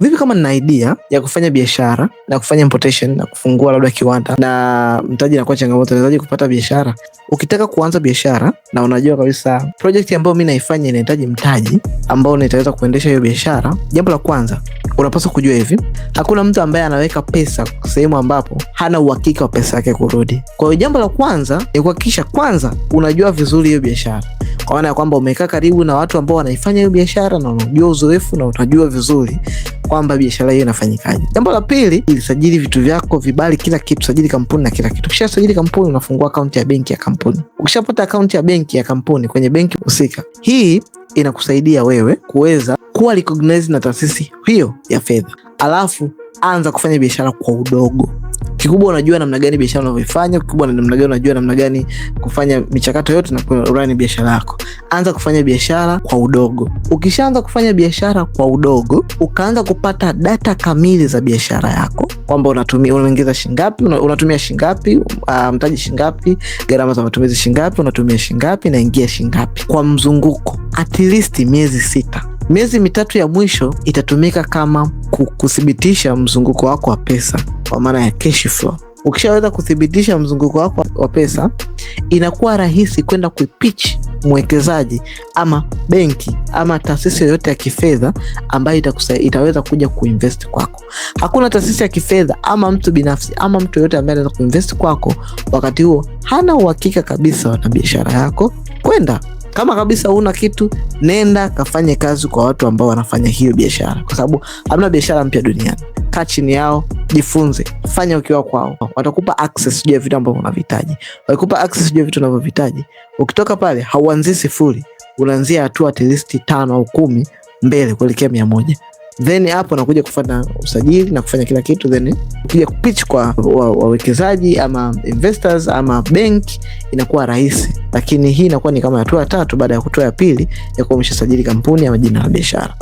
vipi kama nina idea ya kufanya biashara na kufanya importation na kufungua labda kiwanda na mtaji nakuwa changamoto, nawezaje kupata biashara? Ukitaka kuanza biashara na unajua kabisa projekti ambayo mi naifanya inahitaji mtaji ambao nitaweza kuendesha hiyo biashara, jambo la kwanza unapaswa kujua hivi, hakuna mtu ambaye anaweka pesa sehemu ambapo hana uhakika wa pesa yake kurudi. Kwa hiyo jambo la kwanza ni kuhakikisha kwanza unajua vizuri hiyo biashara, kwa maana ya kwamba umekaa karibu na watu ambao wanaifanya hiyo biashara na unajua uzoefu na utajua vizuri kwamba biashara hiyo inafanyikaje. Jambo la pili, ilisajili vitu vyako, vibali, kila kitu, sajili kampuni na kila kitu. Ukishasajili kampuni, unafungua akaunti ya benki ya kampuni. Ukishapata akaunti ya benki ya kampuni kwenye benki husika, hii inakusaidia wewe kuweza kuwa recognized na taasisi hiyo ya fedha, alafu anza kufanya biashara kwa udogo. Kikubwa unajua namna gani biashara unavyofanya, kikubwa na namna gani unajua namna gani kufanya michakato yote na kurani biashara yako. Anza kufanya biashara kwa udogo. Ukishaanza kufanya biashara kwa udogo, ukaanza kupata data kamili za biashara yako kwamba unatumia unaingiza shingapi, unatumia shingapi, uh, mtaji shingapi, gharama za matumizi shingapi, unatumia shingapi na ingia shingapi kwa mzunguko, at least miezi sita miezi mitatu ya mwisho itatumika kama kuthibitisha mzunguko wako wa pesa kwa maana ya cash flow. Ukishaweza kuthibitisha mzunguko wako wa pesa, inakuwa rahisi kwenda kuipitch mwekezaji ama benki ama taasisi yoyote ya kifedha ambayo itaweza kuja kuinvest kwako. Hakuna taasisi ya kifedha ama mtu binafsi ama mtu yoyote ambaye anaweza kuinvest kwako wakati huo hana uhakika kabisa na biashara yako kwenda kama kabisa una kitu, nenda kafanye kazi kwa watu ambao wanafanya hiyo biashara, kwa sababu hamna biashara mpya duniani. Kaa chini yao, jifunze, fanya ukiwa kwao. Watakupa access juu ya vitu ambavyo unavihitaji, Wakikupa access juu ya vitu unavyovihitaji, Ukitoka pale hauanzii sifuri, unaanzia hatua at least tano au kumi mbele kuelekea mia moja then hapo nakuja kufanya usajili na kufanya kila kitu, then ukija kupitch kwa wawekezaji wa ama investors ama benki inakuwa rahisi, lakini hii inakuwa ni kama hatua ya tatu baada ya kutoa ya pili ya kuwa sajili kampuni ama jina la biashara.